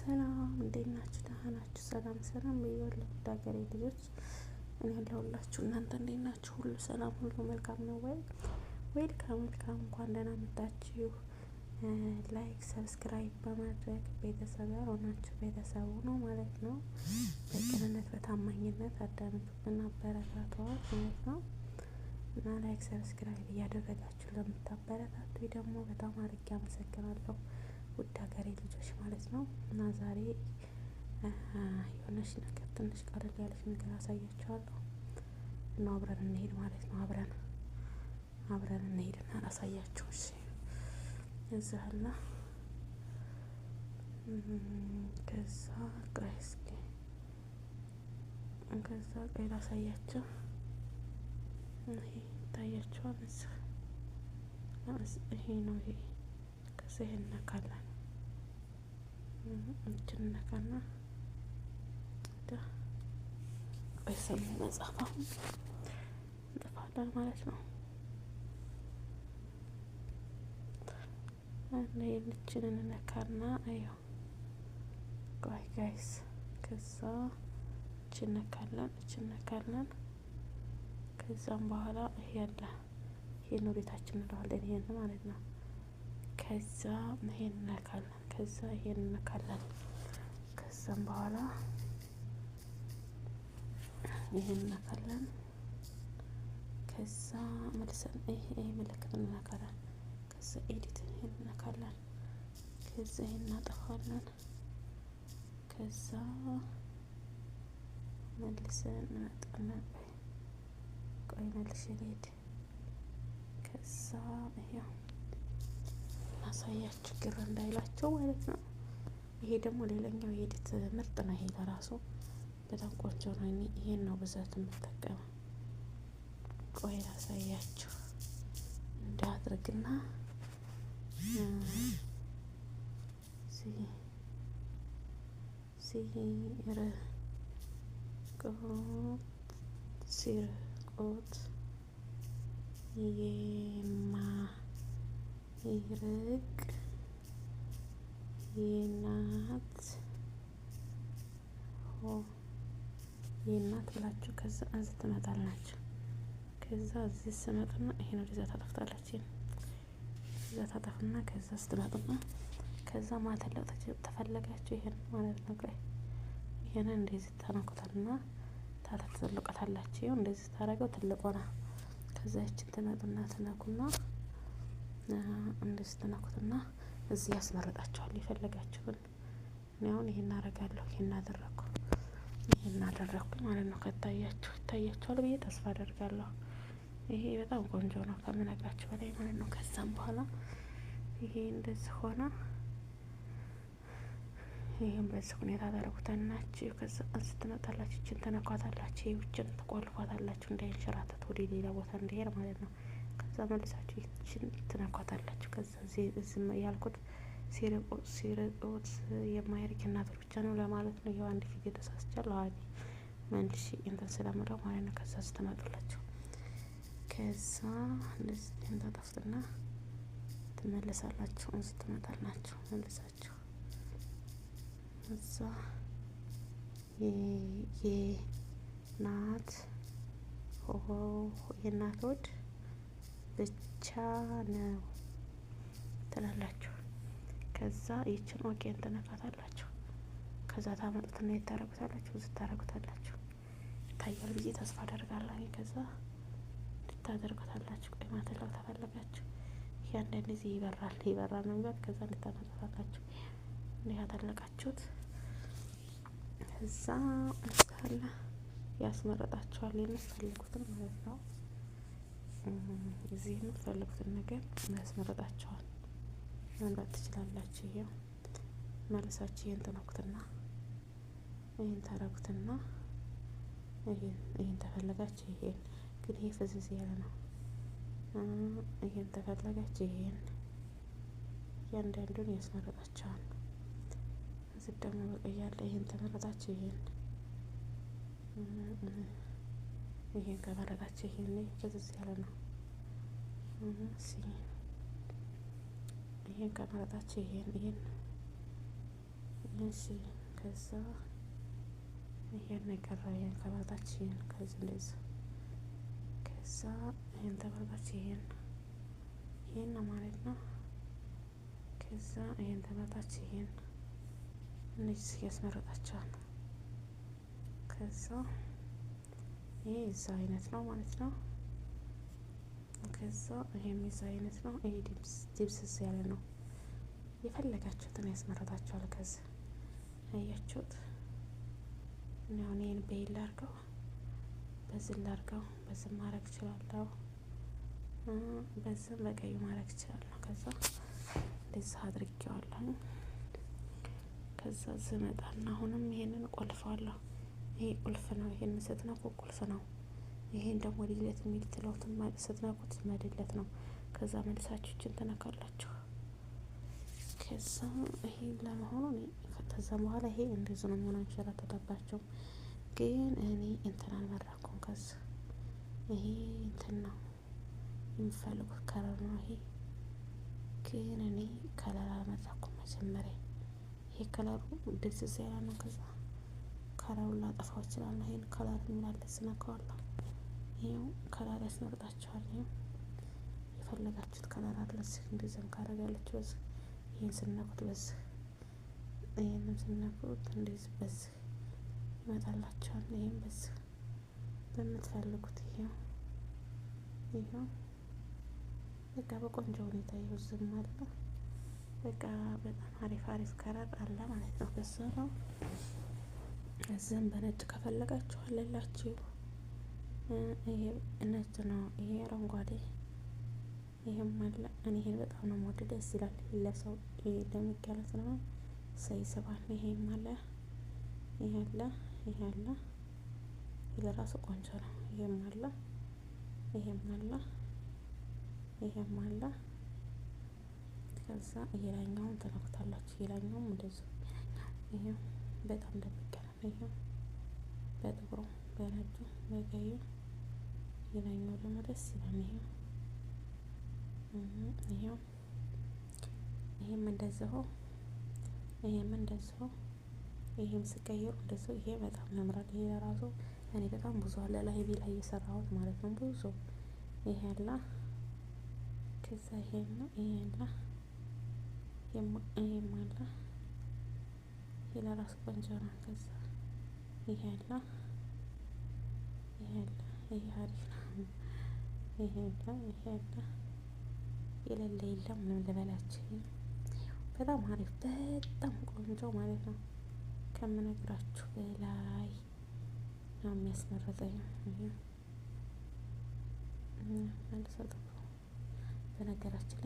ሰላም እንዴት ናችሁ? ደህና ናችሁ? ሰላም ሰላም ብያለሁ ውድ ሀገሬ ልጆች፣ እኔ ያለሁላችሁ። እናንተ እንዴት ናችሁ? ሁሉ ሰላም፣ ሁሉ መልካም ነው ወይ? ዌልካም ዌልካም፣ እንኳን ደህና መጣችሁ። ላይክ ሰብስክራይብ በማድረግ ቤተሰብ ያልሆናችሁ ቤተሰቡ ነው ማለት ነው። በቅንነት በታማኝነት አዳምጡና አበረታተዋል ማለት ነው እና ላይክ ሰብስክራይብ እያደረጋችሁ ለምታበረታቱ ደግሞ በጣም አድርጌ አመሰግናለሁ። ውድ ሀገሬ ልጆች ማለት ነው። እና ዛሬ የሆነች ነገር ትንሽ ቀለል ያለች ነገር አሳያችኋለሁ እና አብረን እንሄድ ማለት ነው። አብረን አብረን እንሄድና አሳያችሁ። እሺ እዚህ ከዛ ቆይ እስኪ ከዛ ቀይ ላሳያቸው ይታያቸዋል። እዚህ ይሄ ነው ይሄ እዚህ እነካለን። እንትን እነካና ቆይ ሰማይ መጽሐፍ አሁን እንጥፋለን ማለት ነው። ይህችን እነካና አዩ ቆይ ጋይስ፣ ከዛ እችን እነካለን፣ እነካለን። ከዛም በኋላ ይሄ ያለ ይሄ ወዴታችን እንለዋለን። ይሄን ማለት ነው ከዛ ይሄን እነካለን፣ ከዛ ይሄን እነካለን። ከዛም በኋላ ይሄን እነካለን። ከዛ መልሰን ይሄ ምልክት እነካለን። ከዛ ኤዲት ይሄን እነካለን። ከዛ ይሄን እናጠፋለን። ከዛ መልሰን እንመጣለን። ቆይ መልሼ ልሄድ። ከዛ ይሄው ላሳያችሁ ግር እንዳይላቸው ማለት ነው። ይሄ ደግሞ ሌላኛው የዲት ምርጥ ነው። ይሄ ለራሱ በጣም ቆንጆ ነው። ይሄን ነው ብዛት የምጠቀመው። ቆይ ላሳያችሁ እንዳድርግና ሲርቆት የማ ኢርግ የናት ሆ የናት ብላችሁ ከዛ እዚህ ትመጣላችሁ። ከዛ እዚህ ስመጥና ይሄን ወደዛ ታጠፍታላችሁ። እዛ ታጠፍና ከዛ ስትመጡና ከዛ ማተለቅ ተፈለጋችሁ ይሄን ማለት ነው። ቆይ ይሄንን እንደዚህ ታነኩታልና ታተፍ እንደዚህ ታረገው ትልቆና ከዛችን ትመጡና ትነኩና እንደዚህ ትነኩትና እዚህ ያስመርጣቸዋል የፈለጋችሁን። እኔ አሁን ይሄን አረጋለሁ፣ ይሄን አደረግኩ፣ ይሄን አደረግኩ ማለት ነው። ከታያችሁ ይታያችኋል ብዬ ተስፋ አደርጋለሁ። ይሄ በጣም ቆንጆ ነው ከምነግራችሁ በላይ ማለት ነው። ከዛም በኋላ ይሄ እንደዚህ ሆነ። ይህም በዚህ ሁኔታ ታደርጉታላችሁ። ከዛ ስትመጣላችሁ እችን ትነኳታላችሁ፣ ይችን ትቆልፏታላችሁ እንዳይንሸራተት ወደ ሌላ ቦታ እንዲሄድ ማለት ነው። ከዛ መልሳችሁ ይችን ትነኳታላችሁ። ከዛ ዝም ያልኩት ሲርቆት የማይርቅ እናቶች ብቻ ነው ለማለት ነው። ያው አንድ ጊዜ ተሳስቻለሁ። አቢ መልሽ እንትን ስለምረው ማለት ነው። ከዛ ስትመጡላችሁ ከዛ እንደዚህ ታጠፉትና ትመለሳላችሁ። ስትመጣላችሁ መልሳችሁ እዛ የናት የናት ወድ ብቻ ነው ትላላችሁ። ከዛ ይችን ኦኬን ትነካታላችሁ። ከዛ ታመጡትና የታረጉታላችሁ ዝታረጉታላችሁ ይታያል ብዬ ተስፋ አደርጋለሁ። ከዛ እንድታደርጉታላችሁ ቀይ ማተላው ተፈለጋችሁ ያንዳንድ ጊዜ ይበራል ይበራል መንገድ ከዛ እንድታመጡታላችሁ እንዲህ ያተለቃችሁት ከዛ እንስታላ ያስመረጣችኋል የምትፈልጉትን ማለት ነው። እዚህ የምትፈልጉትን ነገር ያስመረጣቸዋል። መምረጥ ትችላላችሁ። ይሄ መልሳችሁ ይህን ትነኩትና ይህን ታረጉትና ይህን ተፈለጋችሁ ይሄን ግን ይሄ ፍዝዝ ያለ ነው። ይህን ተፈለጋችሁ ይሄን እያንዳንዱን ያስመረጣቸዋል። እዚህ ደግሞ በቀያለ ይህን ተመረጣችሁ ይሄን ይሄ ከመረጣችሁ ይሄን ላይ ፍዝዝ ያለ ነው። ይሄን ከመረጣችሁ ይሄን ይሄን እሺ፣ ከዛ ይሄን የቀረ ይሄን ከመረጣችሁ ይሄን ከዚህ እንደዚህ፣ ከዛ ይሄን ተመረጣችሁ ይሄን ይሄን ነው ማለት ነው። ከዛ ይሄን ተመረጣችሁ ይሄን እነዚህ ያስመረጣችኋል ከዛ ይሄ የዛ አይነት ነው ማለት ነው። ከዛ ይሄም የዛ አይነት ነው። ይሄ ድብስስ ያለ ነው። የፈለጋችሁትን ያስመረጣችኋል። ከዚ አያችሁት። እኔ አሁን ይህን በይል ላድርገው፣ በዚህ ላድርገው፣ በዚህ ማድረግ እችላለሁ። በዚህም በቀዩ ማድረግ እችላለሁ። ከዛ እንደዚህ አድርጌዋለሁ። ከዛ ዝመጣና አሁንም ይሄንን ቆልፈዋለሁ። ይሄ ቁልፍ ነው። ይሄን ስትነኩ ቁልፍ ነው። ይሄን ደግሞ ዲሌት የሚል ትለውትን ስትነኩት መድለት ነው። ከዛ መልሳችሁ እችን ትነካላችሁ። ከዛ ይሄ ለመሆኑ ከዛ በኋላ ይሄ እንደዚህ ነው የሚሆነ አንሸራተተባቸው። ግን እኔ እንትን አልመረኩም። ከዛ ይሄ እንትን ነው የሚፈልጉት ከለር ነው። ይሄ ግን እኔ ከለር አልመረኩም መጀመሪያ። ይሄ ከለሩ ደስ ሲያላ ነው። ከዛ ከለሩን ላጠፋው እችላለሁ። ይሄን ከለር ምናለ ስነካዋለሁ። ይሄው ከለር ያስመርጣችኋል። ይሄው የፈለጋችሁት ከለር አለ። እዚህ እንደዚህም ካደረጋለችሁ በዚህ ይሄን ስነኩት በዚህ ይህንም ስነኩት እንደዚህ በዚህ ይመጣላችኋል። ይሄን በዚህ በምትፈልጉት ይሄው ይሄው በቃ በቆንጆ ሁኔታ ይሄው ዝም አለ። በቃ በጣም አሪፍ አሪፍ ከለር አለ ማለት ነው። በሱ ነው እዚህም በነጭ ከፈለጋችሁ አለላችሁ። ይሄ ነጭ ነው፣ ይሄ አረንጓዴ፣ ይሄም አለ። እኔ ይሄን በጣም ነው የምወደው፣ ደስ ይላል። ለሰው ለሚክ ያለ ስለሆነ ሰይ ስባል። ይሄም አለ፣ ይሄ አለ፣ ይሄ አለ። ይሄ ለራሱ ቆንጆ ነው። ይሄም አለ፣ ይሄም አለ፣ ይሄም አለ። ከዛ የላኛውን ተነኩታላችሁ። የላኛውም እንደዚሁ። ይሄ በጣም ደብቅ በቀዩ፣ በጥቁሩ፣ በነጩ፣ በቀዩ ሌላኛው ደግሞ ደስ ይላል። ይሄው ይሄው ይሄም እንደዚሁ ይሄም እንደዚሁ ይሄም ስቀይሩ እንደዚሁ ይሄ በጣም ያምራል። ይሄ ራሱ እኔ በጣም ብዙ አለ ላይ ላይ የሰራሁት ማለት ነው። ብዙ ይሄ አለ ከዛ ይሄ ነው ይሄ አለ ይሄም አለ ይሄ ለራሱ ቆንጆ ነው። ከዛ ይሄ አለ ይሄ አለ ይሄ አሪፍ ነው። የሌለ የለም ልበላችሁ። በጣም አሪፍ በጣም ቆንጆ ማለት ነው። ከምነግራችሁ በላይ ነው መልሰው በነገራችን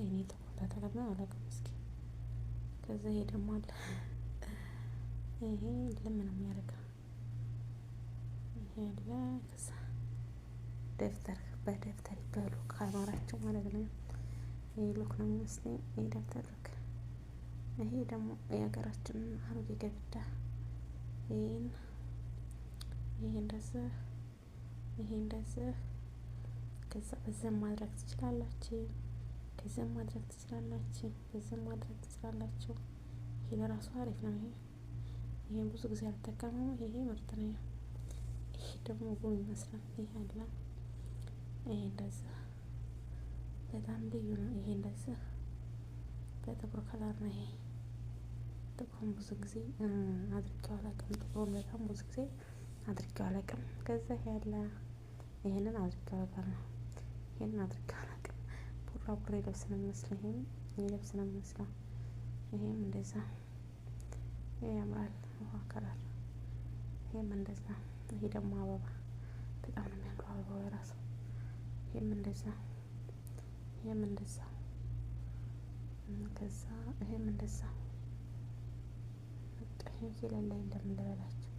ላይ እኔ ጥቁር ተጠቅሜ አላውቅም። እስኪ ከዛ ይሄ ደግሞ አለ ይሄ ልም ነው የሚያደርገው የለ ደብተር በደብተር ይበሉ ከአማራቸው ማለት ነው። ይህ ነው የሚመስለኝ። ይህ ደብተር ይሄ ደግሞ የሀገራችን አሮጌ ግድግዳ። ይህን ይሄ እንደዚህ ይሄ እንደዚህ ከዛ በዚህም ማድረግ ትችላላችሁ። ከዚህም ማድረግ ትችላላችሁ። በዘም ማድረግ ትችላላችሁ። ይሄ ለራሱ አሪፍ ነው። ይሄ ብዙ ጊዜ አልጠቀመው። ይሄ ምርጥ ነው። ይህ ደግሞ ቡን መስራት ይህ አለ። ይሄ እንደዚህ በጣም ልዩ ነው። ይሄ እንደዚህ በጥቁር ከለር ነው። ይሄ ጥቁሩን ብዙ ጊዜ አድርጌው አላውቅም። ጥቁሩን በጣም ብዙ ጊዜ አድርጌው አላውቅም። ከዛ ያለ ይሄንን አድርጌው አላውቅም። ይሄንን አድርጌው አላውቅም። ቡራቡሬ ልብስ ነው የሚመስለው። ይሄም የልብስ ነው የሚመስለው። ይሄም እንደዛ ይሄ ያምራል። ውሃ ከለር ይሄም እንደዛ ይሄ ደግሞ አበባ በጣም ነው የሚያምረው አበባው የራሱ ይሄም እንደዛ ይሄም እንደዛ ከዛ ይሄም እንደዛ ይሄ ላይ የለም ልበላችሁ።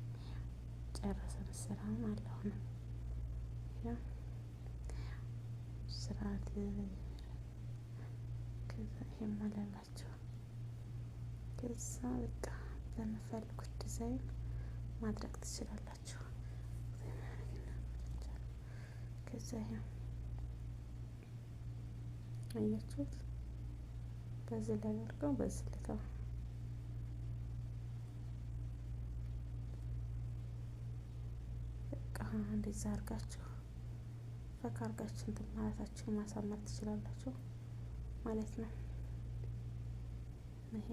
ጨረሰን ስራም አለሁ ነው ስርዓት ከዛ ይሄም ማለላቸው ከዛ በቃ በምፈልጉት ዲዛይን ማድረግ ትችላላችሁ። እንደዛ ይሄ አያችሁት። በዚህ ላይ አድርገው በዚህ ልተው በቃ እንደዛ አድርጋችሁ ፈካ አድርጋችሁ እንትን ማለታችሁ ማሳመር ትችላላችሁ ማለት ነው። ይሄ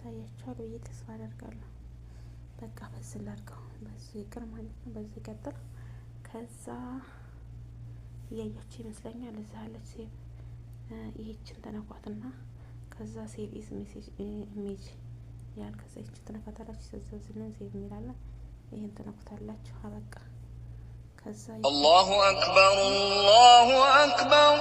ታያችኋል ብዬ ተስፋ አደርጋለሁ። በቃ በዚህ ላድርገው፣ በዚህ ይቅር ማለት ነው። በዚህ ይቀጥል። ከዛ እያያቸው ይመስለኛል እዚህ አለች ሴቭ ይህችን ተነኳትና ከዛ ሴቭ ኢዝ ሜሴጅ ኢሜጅ ያል ከዛ ይህችን ተነኳታላችሁ። ሴቭ የሚላለ ይህን ተነኩታላችሁ። አበቃ ከዛ አላሁ አክበር አላሁ አክበር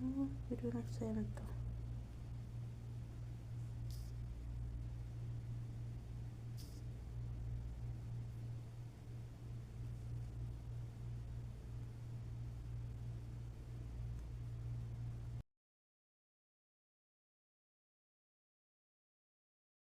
ね、ブルーの下やると。